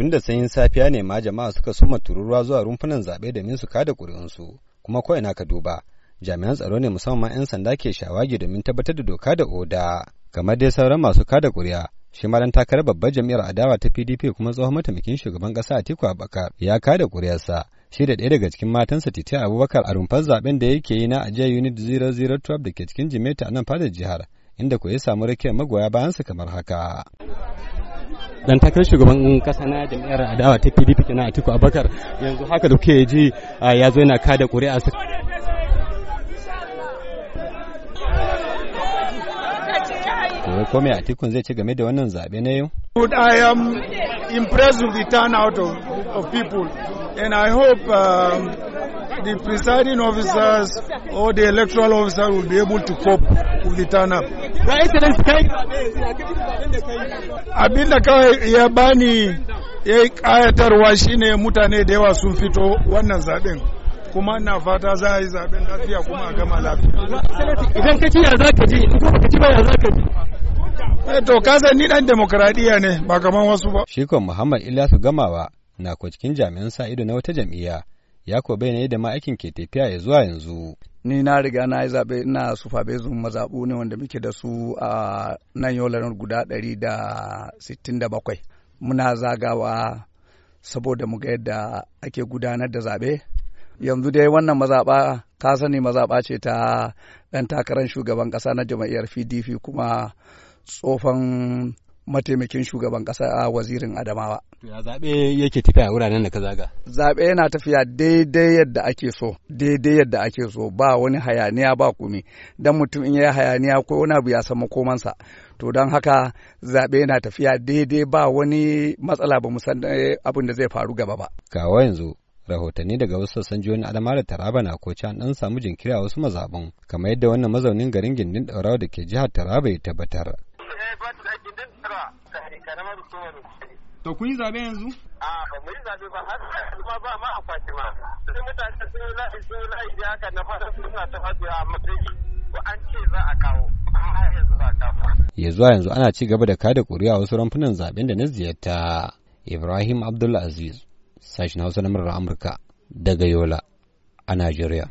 tun da sanyin safiya ne ma jama'a suka suma tururuwa zuwa rumfunan zaɓe domin su kada ƙuri'unsu kuma ko ina ka duba jami'an tsaro ne musamman 'yan sanda ke shawagi domin tabbatar da doka da oda kamar dai sauran masu kada ƙuri'a shi ma dan takarar babbar jami'ar adawa ta PDP kuma tsohon mataimakin shugaban ƙasa Atiku Abubakar ya kada ƙuri'arsa shi da ɗaya daga cikin matansa Titi Abubakar a rumfar zaɓen da yake yi na ajiyar unit 0012 da ke cikin Jimeta a nan fadar jihar inda ko ya samu rakiyar magoya bayan bayansa kamar haka. dan takarar shugaban kasa na jam'iyyar adawa ta PDP kenan Atiku abakar yanzu haka da kuke ji ya zo yana kada ƙuri'a kome a Atikun zai ci game da wannan zaɓe na yau? I am impressed with the turnout of, of people and I hope uh, the presiding officers or the electoral officer will be able to cope with the turn up. Abinda kawai ya bani ya yi ƙayatarwa shine mutane da yawa sun fito wannan zaɓen. kuma na fata za a yi zaɓen lafiya kuma a gama lafiya. Idan ka ya za ka ji, in ka ci ba ya za ka ji. Eh, to kasan ni dan demokradiya ne ba kamar wasu ba. Shikon Muhammad Ilyasu Gamawa na ko cikin jami'an sa ido na wata jam'iyya ya ko da yadda ma'aikin ke tafiya ya zuwa yanzu. Ni na riga na yi zaɓe ina sufa bezun mazaɓu ne wanda muke da su a nan yolarin guda ɗari da sittin da bakwai. Muna zagawa saboda mu ga yadda ake gudanar da zaɓe. Yanzu dai wannan mazaɓa ka sani mazaɓa ce ta ɗan takarar shugaban ƙasa na jam'iyyar PDP kuma tsofan mataimakin shugaban kasa a wazirin Adamawa. zaɓe yake tafiya a wuraren da ka zaga? Zaɓe yana tafiya daidai yadda ake so, daidai yadda ake so, ba wani hayaniya ba kumi. Dan mutum in ya hayaniya ko wani abu ya san makomansa. To don haka zaɓe yana tafiya daidai ba wani matsala ba san eh, abin da zai faru gaba ba. Kawo yanzu rahotanni daga wasu sassan jihohin adama da taraba na koci an dan samu jinkiri a wasu mazabun kamar yadda wannan mazaunin garin gindin daurawa da ke jihar taraba ya tabbatar. Eh, duk da karamar hukumar To kun yi zabe yanzu? A ba mu yi zabe ba har yanzu ma ba ma akwati ma. Sai mutane sun la'i sun la'i da haka na fara suna ta fadiya a matsayi ko an ce za a kawo. Ya zuwa yanzu ana ci gaba da kada kuri'a wasu ramfunan zaɓen da na ziyarta. Ibrahim Abdul Aziz, sashen Hausa na Amurka, daga Yola, a Najeriya.